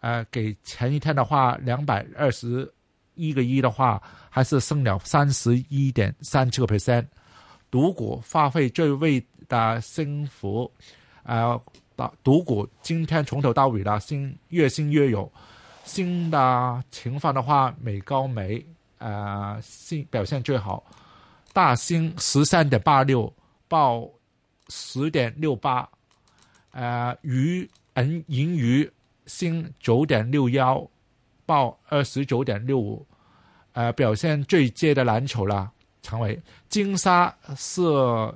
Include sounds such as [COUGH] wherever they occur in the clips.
呃，給前一天的話兩百二十一個億的話，還是升了三十一點三七個 percent。賭股，發揮最位的升幅，誒、呃，賭股今天從頭到尾的升，越升越有，新的情況的話，美高梅呃，新表現最好，大升十三點八六報十點六八，誒、呃，余銀娛。升九點六一，61，報二十九點六五，呃，表現最佳的藍籌啦，成為金沙是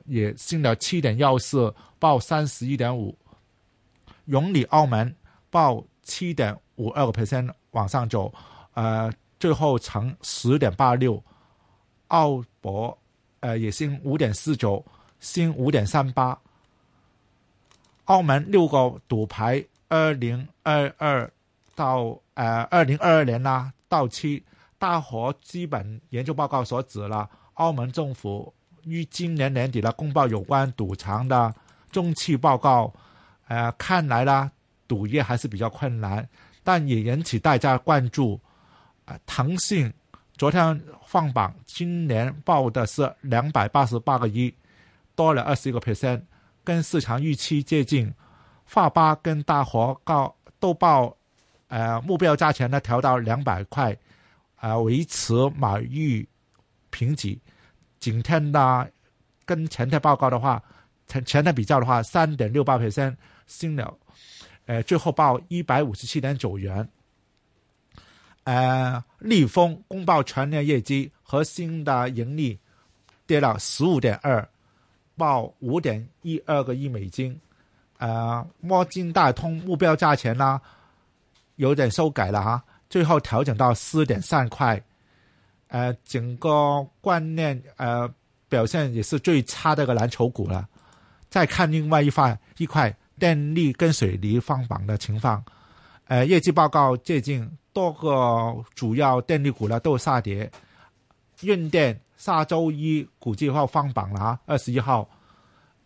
也升了七點一四，報三十一點五，永利澳門報七點五二個 percent 往上走，呃，最後成十點八六，澳博呃，也升五點四九，升五點三八，澳門六個賭牌。二零二二到呃二零二二年啦到期，大和資本研究報告所指啦，澳門政府於今年年底的公報，有關賭場的中期報告，誒、呃、看來啦，賭業還是比較困難，但也引起大家關注。誒、呃，騰訊昨天放榜，今年報的是兩百八十八個億，多了二十一個 percent，跟市場預期接近。發巴跟大伙告都報，呃，目標價錢呢調到兩百塊，呃，維持買入評級，今天呢跟前台報告的話，前前台比較的話三點六八 percent 新了，呃，最後報一百五十七點九元。誒、呃、利豐公報全年業績，核心的盈利跌了十五點二，報五點一二個億美金。誒、呃、摩根大通目標價錢啦，有點修改了嚇、啊，最後調整到四點三塊。誒、呃、整個觀念呃表現也是最差的個藍籌股了，再看另外一塊一塊,一塊電力跟水泥放榜的情況，呃，業績報告最近多個主要電力股呢，都下跌，潤電，下周一估計要放榜了啊，二十一號。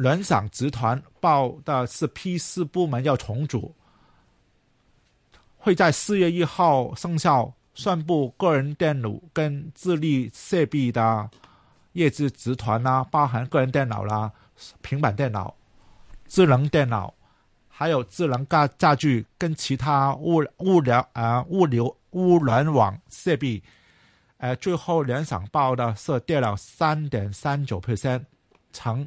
聯想集團報的是 P 四部門要重組，會在四月一號生效。宣布個人電腦跟智力設備的業績集團啦、啊，包含個人電腦啦、啊、平板電腦、智能電腦，還有智能家家具跟其他物物流啊物流物聯網設備，呃，最後聯想報的是跌了三點三九 percent，成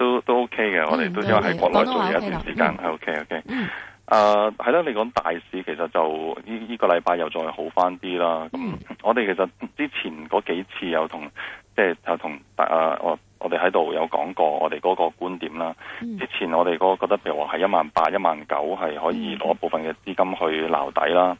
都都 OK 嘅，嗯、我哋都要喺國內做嘢一段時間，係 OK，嗯、OK OK、嗯。啊、呃，係啦，你講大市其實就呢依、這個禮拜又再好翻啲啦。咁、嗯、我哋其實之前嗰幾次有同即係有同大啊、呃，我我哋喺度有講過我哋嗰個觀點啦。嗯、之前我哋嗰個覺得譬如話係一萬八、一萬九係可以攞部分嘅資金去撈底啦。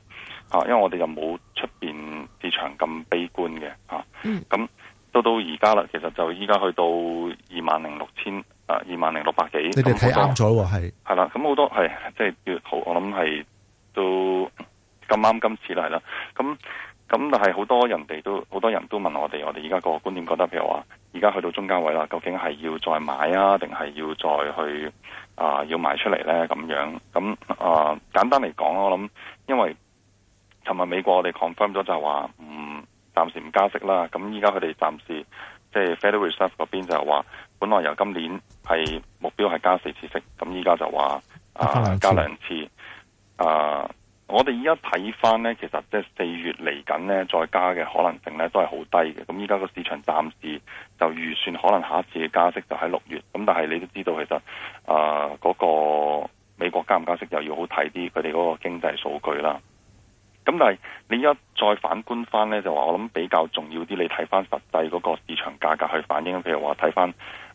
啊、嗯，嗯、因為我哋就冇出邊市場咁悲觀嘅啊。咁、嗯。嗯到到而家啦，其實就依家去到二萬零六千啊，二萬零六百幾。你哋睇啱咗係係啦，咁好多係即係好，我諗係都咁啱今次嚟係啦。咁咁但係好多人哋都好多人都問我哋，我哋而家個觀點覺得譬如話，而家去到中間位啦，究竟係要再買啊，定係要再去啊、呃、要賣出嚟咧？咁樣咁啊、呃、簡單嚟講，我諗因為尋日美國我哋 confirm 咗就係話唔。嗯暫時唔加息啦，咁依家佢哋暫時即係 Federal Reserve 嗰邊就話，本來由今年係目標係加四次息，咁依家就話啊、呃、加兩次。啊、呃，我哋依家睇翻咧，其實即係四月嚟緊咧再加嘅可能性咧都係好低嘅。咁依家個市場暫時就預算可能下一次嘅加息就喺六月，咁但係你都知道其實啊嗰、呃那個美國加唔加息又要好睇啲佢哋嗰個經濟數據啦。咁但係你而家再反觀翻咧，就話我諗比較重要啲，你睇翻實際嗰個市場價格去反映。譬如話睇翻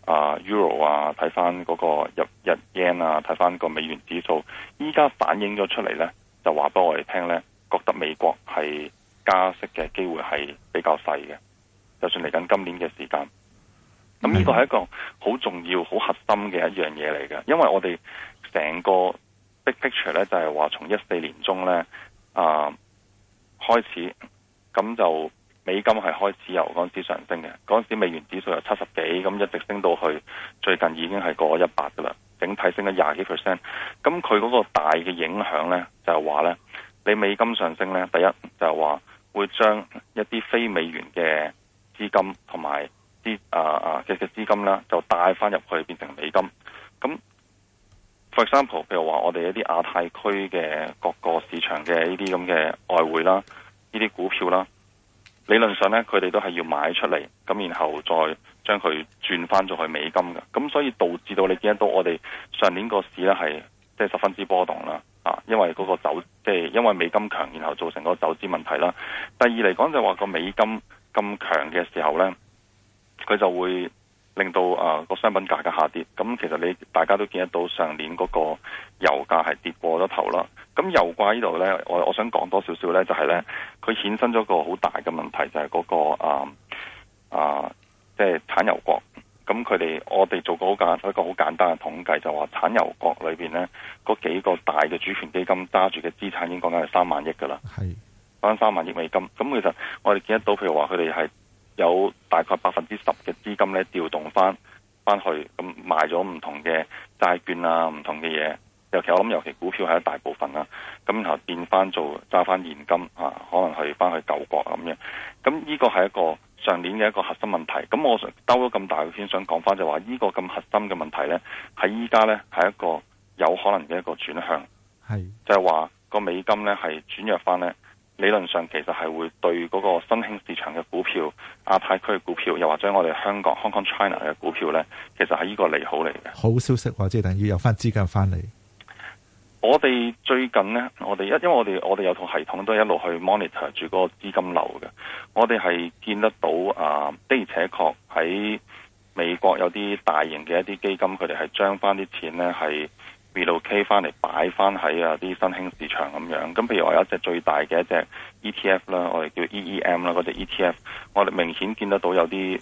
啊 Euro 啊，睇翻嗰個日日 yen 啊，睇翻個美元指數，依家反映咗出嚟咧，就話俾我哋聽咧，覺得美國係加息嘅機會係比較細嘅。就算嚟緊今年嘅時間，咁呢個係一個好重要、好核心嘅一樣嘢嚟嘅。因為我哋成個 big picture 咧，就係話從一四年中咧。啊，uh, 開始咁就美金係開始由嗰時上升嘅，嗰時美元指數由七十幾，咁一直升到去最近已經係過一百噶啦，整體升咗廿幾 percent。咁佢嗰個大嘅影響咧就係話咧，你美金上升咧，第一就係話會將一啲非美元嘅資金同埋啲啊啊嘅嘅資金啦，就帶翻入去變成美金，咁。For example，譬如話我哋一啲亞太區嘅各個市場嘅呢啲咁嘅外匯啦，呢啲股票啦，理論上呢，佢哋都係要買出嚟，咁然後再將佢轉翻咗去美金嘅，咁所以導致到你見得到我哋上年個市呢係即係十分之波動啦，啊，因為嗰個走即係、就是、因為美金強，然後造成個走資問題啦。第二嚟講就話個美金咁強嘅時候呢，佢就會。令到啊個、呃、商品價格下跌，咁、嗯、其實你大家都見得到上年嗰個油價係跌過咗頭啦。咁、嗯、油價呢度呢，我我想講多少少呢，就係呢，佢衍生咗個好大嘅問題，就係、是、嗰、那個啊啊，即係產油國。咁佢哋我哋做過好簡一個好簡單嘅統計，就話產油國裏邊呢，嗰幾個大嘅主權基金揸住嘅資產已經講緊係三萬億㗎啦，係翻三萬億美金。咁、嗯、其實我哋見得到，譬如話佢哋係。有大概百分之十嘅資金咧調動翻翻去，咁賣咗唔同嘅債券啊，唔同嘅嘢，尤其我諗尤其股票係一大部分啦，咁然後變翻做揸翻現金啊，可能去翻去舊國咁樣，咁呢個係一個上年嘅一個核心問題，咁我兜咗咁大個圈想講翻就話呢個咁核心嘅問題呢，喺依家呢，係一個有可能嘅一個轉向，係是就係話個美金呢係轉弱翻呢。理論上其實係會對嗰個新興市場嘅股票、亞太區嘅股票，又或者我哋香港 Hong Kong China 嘅股票呢，其實係呢個利好嚟嘅。好消息，或者等於有翻資金翻嚟。我哋最近呢，我哋一因為我哋我哋有套系統都係一路去 monitor 住嗰個資金流嘅。我哋係見得到啊，的而且確喺美國有啲大型嘅一啲基金，佢哋係將翻啲錢呢係。披露 K 翻嚟擺翻喺啊啲新興市場咁樣，咁譬如我有一隻最大嘅一隻 ETF 啦，我哋叫 EEM 啦嗰隻 ETF，我哋明顯見得到有啲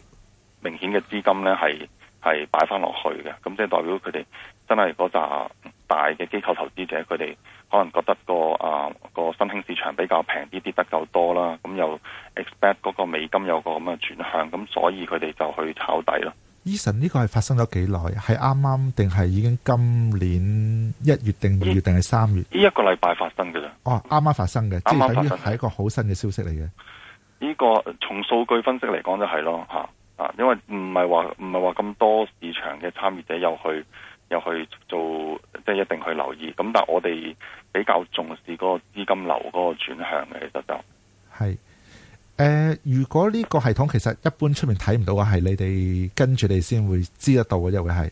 明顯嘅資金咧係係擺翻落去嘅，咁即係代表佢哋真係嗰扎大嘅機構投資者，佢哋可能覺得個啊、呃、個新興市場比較平啲，跌得夠多啦，咁又 expect 嗰個美金有個咁嘅轉向，咁所以佢哋就去炒底咯。Ethan 呢個係發生咗幾耐？係啱啱定係已經今年一月定二月定係三月？呢、嗯、一個禮拜發生嘅咋？哦，啱啱發生嘅，啱啱發生係一個好新嘅消息嚟嘅。呢個從數據分析嚟講就係咯，吓啊，因為唔係話唔係話咁多市場嘅參與者又去有去做，即係一定去留意。咁但係我哋比較重視嗰個資金流嗰個轉向嘅，其實係。誒、呃，如果呢個系統其實一般出面睇唔到嘅，係你哋跟住你先會知得到嘅，又會係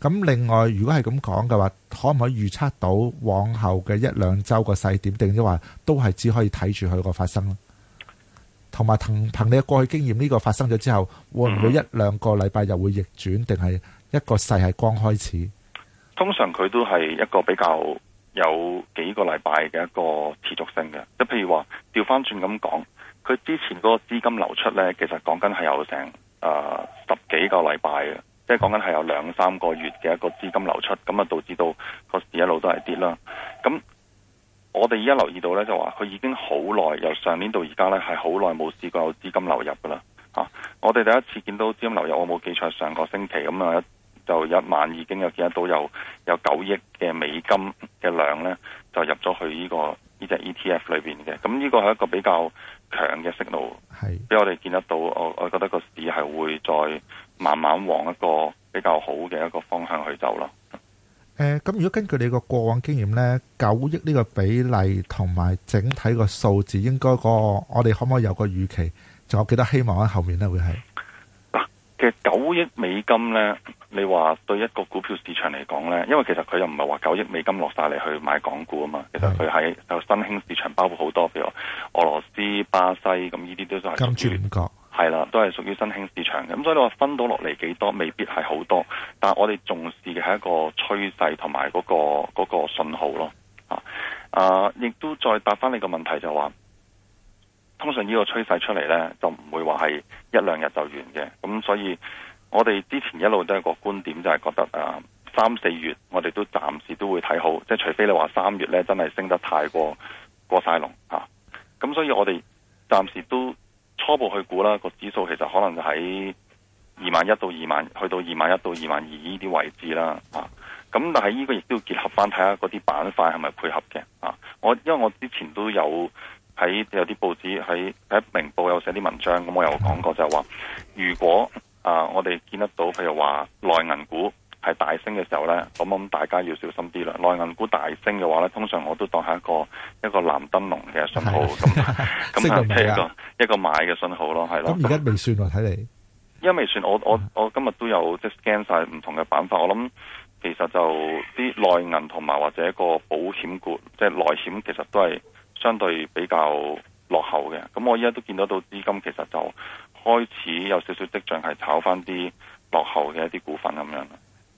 咁。另外，如果係咁講嘅話，可唔可以預測到往後嘅一兩周個細點，定即係話都係只可以睇住佢個發生？同埋，憑憑你嘅過去經驗，呢個發生咗之後，會唔會一兩個禮拜又會逆轉，定係一個勢係剛開始？通常佢都係一個比較有幾個禮拜嘅一個持續性嘅，即譬如話調翻轉咁講。佢之前嗰個資金流出呢，其實講緊係有成誒、呃、十幾個禮拜嘅，即係講緊係有兩三個月嘅一個資金流出，咁啊導致到個市一路都係跌啦。咁我哋而家留意到呢，就話佢已經好耐，由上年到而家呢，係好耐冇試過有資金流入噶啦、啊。我哋第一次見到資金流入，我冇記錯，上個星期咁啊就一晚已經有見得到有有九億嘅美金嘅量呢，就入咗去呢、這個呢隻、這個、ETF 裏邊嘅。咁呢個係一個比較。強嘅信號，係俾我哋見得到，我我覺得個市係會再慢慢往一個比較好嘅一個方向去走咯。誒、呃，咁如果根據你個過往經驗呢，九億呢個比例同埋整體個數字，應該個我哋可唔可以有個預期？仲有幾多希望喺、啊、後面呢會係？嘅九億美金咧，你話對一個股票市場嚟講咧，因為其實佢又唔係話九億美金落晒嚟去買港股啊嘛，其實佢喺就新興市場包括好多譬如俄羅斯、巴西咁呢啲都都係金磚五國，係啦，都係屬於新興市場嘅，咁所以你話分到落嚟幾多未必係好多，但係我哋重視嘅係一個趨勢同埋嗰個嗰個信號咯，啊啊，亦都再答翻你個問題就話、是。通常呢個趨勢出嚟呢，就唔會話係一兩日就完嘅。咁所以，我哋之前一路都係個觀點，就係覺得誒，三、啊、四月我哋都暫時都會睇好，即係除非你話三月呢真係升得太過過晒龍咁、啊、所以我哋暫時都初步去估啦，個指數其實可能就喺二萬一到二萬，去到二萬一到二萬二呢啲位置啦。咁、啊、但係呢個亦都要結合翻睇下嗰啲板塊係咪配合嘅。啊，我因為我之前都有。喺有啲報紙喺喺明報有寫啲文章，咁我有講過就係、是、話，如果啊、呃、我哋見得到，譬如話內銀股係大升嘅時候咧，咁我諗大家要小心啲啦。內銀股大升嘅話咧，通常我都當係一個一個藍燈籠嘅信號，咁咁一個一個一個買嘅信號咯，係咯。咁而家未算啊，睇嚟，因為算，我、嗯、我我今日都有即係 scan 晒唔同嘅板塊，我諗其實就啲內銀同埋或者一個保險股，即係內險，其實都係。相對比較落後嘅，咁我依家都見得到資金其實就開始有少少跡象係炒翻啲落後嘅一啲股份咁樣。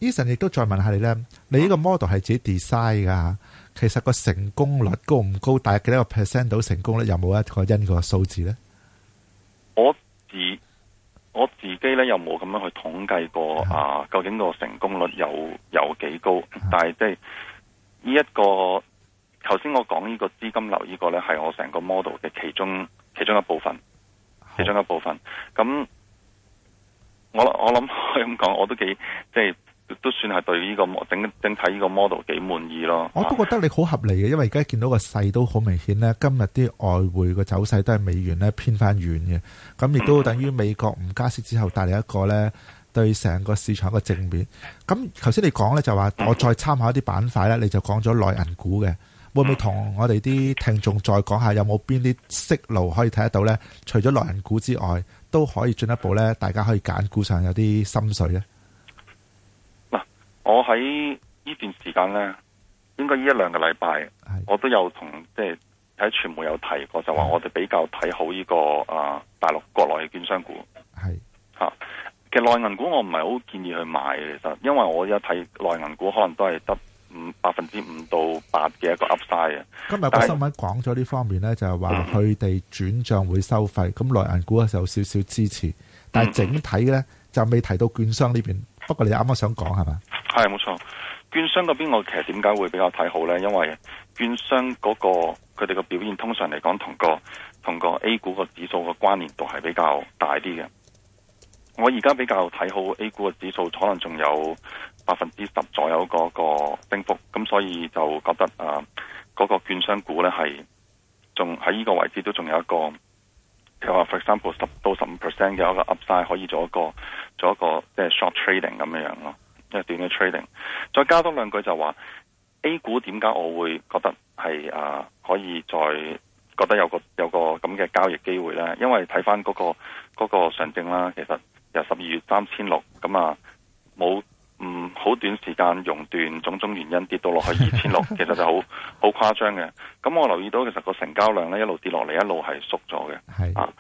Ethan 亦都再問下你咧，你呢個 model 係自己 design 噶，其實個成功率高唔高？大概幾多個 percent 到成功咧？有冇一個因個數字咧？我自我自己咧又冇咁樣去統計過啊，啊，究竟個成功率有有幾高？但係即係呢一個。頭先我講呢個資金流呢個呢係我成個 model 嘅其中其中一部分，其中一部分。咁我我諗可以咁講，我都幾即係都算係對呢個整整體呢個 model 幾滿意咯。我都覺得你好合理嘅，因為而家見到個勢都好明顯呢。今日啲外匯嘅走勢都係美元呢偏翻遠嘅，咁亦都等於美國唔加息之後帶嚟一個呢對成個市場嘅正面。咁頭先你講呢，就話我再參考一啲板塊呢，你就講咗內銀股嘅。會唔會同我哋啲聽眾再講下，有冇邊啲息路可以睇得到呢？除咗內銀股之外，都可以進一步呢，大家可以揀股上有啲心水呢。嗱，我喺呢段時間呢，應該呢一兩個禮拜，是我都有同即係喺傳媒有提過，就話我哋比較睇好呢、這個啊、呃、大陸國內嘅券商股，係嚇是。其實內銀股我唔係好建議去買，其實因為我而家睇內銀股可能都係得。嗯，百分之五到八嘅一個 Upside 啊！今日個新聞講咗呢方面咧，是就係話佢哋轉賬會收費，咁內銀股嘅就有少少支持，但係整體咧、嗯、就未提到券商呢邊。不過你啱啱想講係嘛？係冇錯，券商嗰邊我其實點解會比較睇好咧？因為券商嗰、嗰個佢哋個表現通常嚟講同個同個 A 股個指數個關聯度係比較大啲嘅。我而家比較睇好 A 股嘅指數，可能仲有百分之十左右嗰個升幅，咁所以就覺得啊，嗰個券商股咧係仲喺呢個位置都仲有一個，譬如話 for example 十到十五 percent 嘅一個 upside 可以做一個做一個，做一個即係 short trading 咁樣樣咯，即係短嘅 trading。再加多兩句就話 A 股點解我會覺得係啊可以再覺得有個有個咁嘅交易機會咧？因為睇翻嗰個嗰個上證啦，其實。由十二月三千六，咁啊冇嗯好短時間熔斷，種種原因跌到落去二千六，其實就好好誇張嘅。咁我留意到，其實個成交量呢一路跌落嚟，一路係縮咗嘅。係咁的、啊、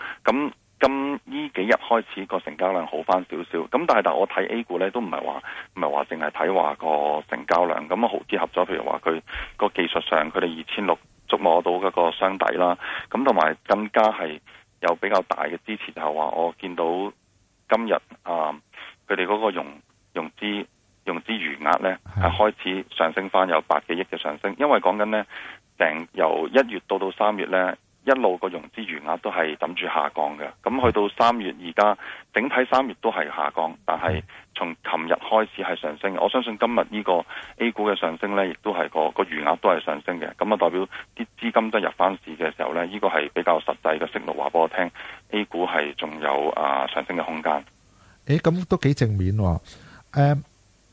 今呢幾日開始個成交量好翻少少。咁但係，但，但我睇 A 股呢都唔係話唔係話淨係睇話個成交量。咁啊，好結合咗，譬如話佢個技術上，佢哋二千六觸摸到嘅個箱底啦。咁同埋更加係有比較大嘅支持，就係話我見到。今日啊，佢哋嗰個融融資融資餘額咧，係的開始上升翻，有百幾億嘅上升，因為講緊咧，成由一月到到三月咧。一路個融資餘額都係等住下降嘅，咁去到三月而家，整體三月都係下降，但係從琴日開始係上升。我相信今日呢個 A 股嘅上升呢，亦都係個個餘額都係上升嘅。咁啊，代表啲資金都入翻市嘅時候呢，呢、呢個係比較實際嘅信號。話俾我聽，A 股係仲有啊、呃、上升嘅空間。誒，咁都幾正面喎、哦。嗯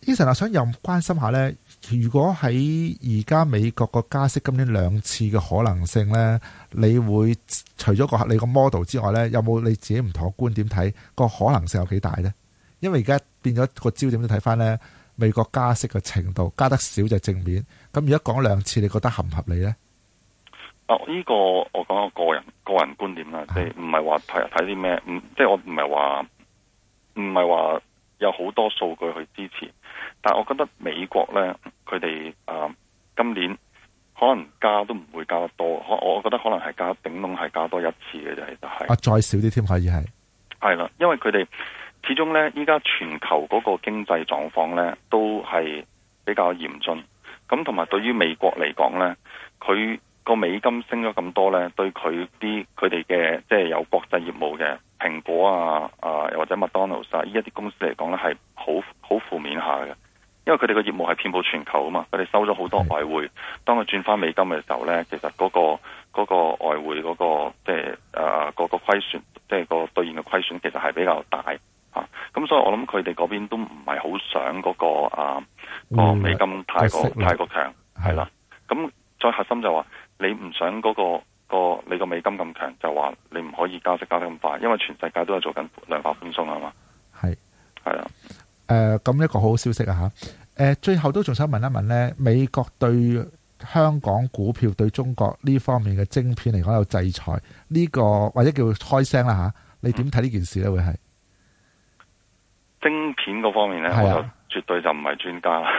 Ethan 我想又關心下呢。如果喺而家美國個加息今年兩次嘅可能性呢，你會除咗、嗰個你個 model 之外呢，有冇你自己唔同嘅觀點睇個可能性有幾大呢？因為而家變咗個焦點都睇翻呢，美國加息嘅程度加得少就正面，咁如果講兩次你覺得合唔合理呢？哦、啊，呢、呢個我講，我個人個人觀點啦，即係唔係話睇睇啲咩，嗯，即係我唔係話唔係話。有好多數據去支持，但係我覺得美國呢，佢哋啊，今年可能加都唔會加得多，我我覺得可能係加頂籠係加多一次嘅就係，啊，再少啲添可以係，係啦，因為佢哋始終呢，依家全球嗰個經濟狀況呢都係比較嚴峻，咁同埋對於美國嚟講呢，佢。個美金升咗咁多呢，對佢啲佢哋嘅即係有國際業務嘅蘋果啊啊，又或者麥當勞啊依一啲公司嚟講呢，係好好負面下嘅，因為佢哋嘅業務係遍佈全球啊嘛，佢哋收咗好多外匯，當佢轉翻美金嘅時候呢，其實嗰、嗰個嗰個嗰個外匯嗰、嗰個即係誒個個虧損，即係個對應嘅虧損其實係比較大啊。咁所以我諗佢哋嗰邊都唔係好想嗰個啊，啊、嗰個美金太過、嗯、太，太過強，係啦。咁吧再核心就話。你唔想嗰、嗰個你、嗰個嗰個美金咁強，就話你唔可以加息加得咁快，因為全世界都係做緊量化寬鬆啊嘛。係係啊，誒咁係、係啊、呃、一個好消息啊嚇，誒最後都仲想問一問咧，美國對香港股票對中國呢方面嘅晶片嚟講有制裁呢、呢個或者叫開聲啦嚇、啊，你點睇呢件事咧、嗯、會係？晶片嗰方面咧，啊、我就絕對就唔係專家啦，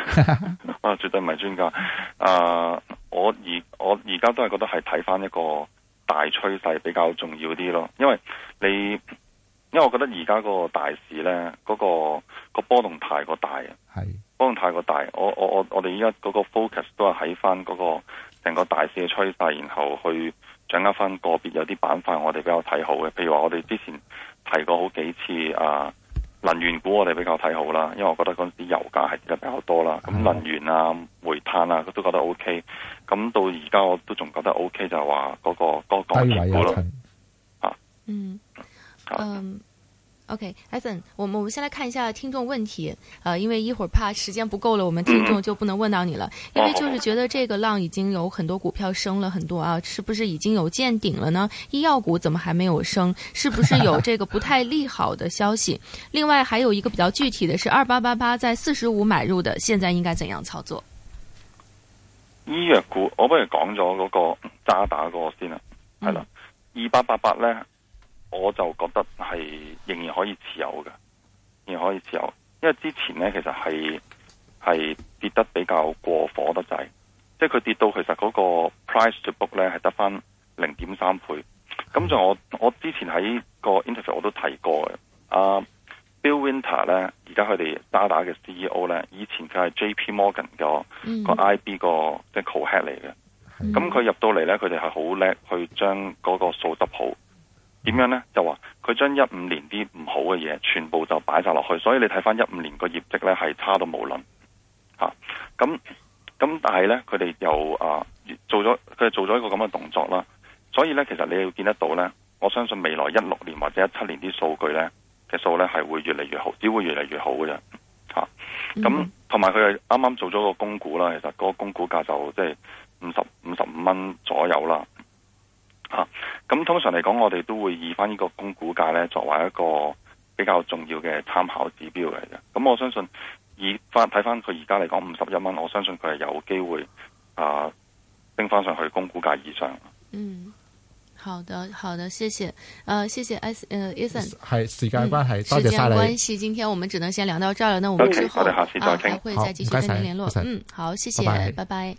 啊，絕對唔係專家。啊，我而我而家都係覺得係睇翻一個大趨勢比較重要啲咯，因為你，因為我覺得而家嗰個大市咧，嗰、嗰個波動太過大，係是波動太過大。我我我我哋而家嗰個 focus 都係喺翻嗰個成個大市嘅趨勢，然後去掌握翻個別有啲板塊我哋比較睇好嘅，譬如話我哋之前提過好幾次啊。能源股我哋比較睇好啦，因為我覺得嗰陣時油價係跌得比較多啦，咁能源啊、煤炭啊佢都覺得 OK，咁到而家我都仲覺得 OK，就係話嗰個嗰個鋼鐵股咯，啊，嗯，啊嗯 OK，Ethan，okay，我們我們先來看一下聽眾問題，啊、呃，因為一會兒怕時間不夠了，我們聽眾就不能問到你了。因為就是覺得這個浪已經有很多股票升了很多啊，是不是已經有見頂了呢？醫藥股怎麼還沒有升？是不是有這個不太利好的消息？ [LAUGHS] 另外還有一個比較具體的是二八八八在四十五買入的，現在應該怎樣操作？醫藥股我不如講咗嗰個渣打個先啦，係啦，二八八八呢。我就覺得係仍然可以持有嘅，仍然可以持有，因為之前咧其實係係跌得比較過火得滯，即係佢跌到其實嗰個 price to book 咧係得返零點三倍，咁就我我之前喺個 interview 我都提過嘅，阿、啊、Bill Winter 咧而家佢哋渣打嘅 CEO 咧，以前佢係 JP Morgan 個、mm hmm. 個 IB 個即係 co-head 嚟嘅，咁佢、mm hmm. 入到嚟咧佢哋係好叻去將嗰個數執好。點樣呢？就話佢將一五年啲唔好嘅嘢，全部就擺晒落去，所以你睇翻一五年個業績呢，係差到冇論吓。咁咁但係呢，佢哋又啊做咗，佢哋做咗一個咁嘅動作啦。所以呢，其實你要見得到呢，我相信未來一六年或者一七年啲數據呢，嘅數呢係會越嚟越好，只會越嚟越好嘅。吓咁同埋佢係啱啱做咗個供股啦，其實嗰個供股價就即係五十五十五蚊左右啦。吓、啊。咁通常嚟講，我哋都會以翻呢個供股價咧作為一個比較重要嘅參考指標嚟嘅。咁、嗯、我相信以翻睇翻佢而家嚟講五十一蚊，我相信佢係有機會啊、呃、升翻上去供股價以上。嗯，好的，好的，謝謝。呃、啊，謝謝 Is，呃，Ethan。係時間關係，多謝晒你。時間關係，今天我們只能先聊到這啦。那我們之後 okay, 啊，下次再啊會再進行聯絡。嗯，好，謝謝，拜拜。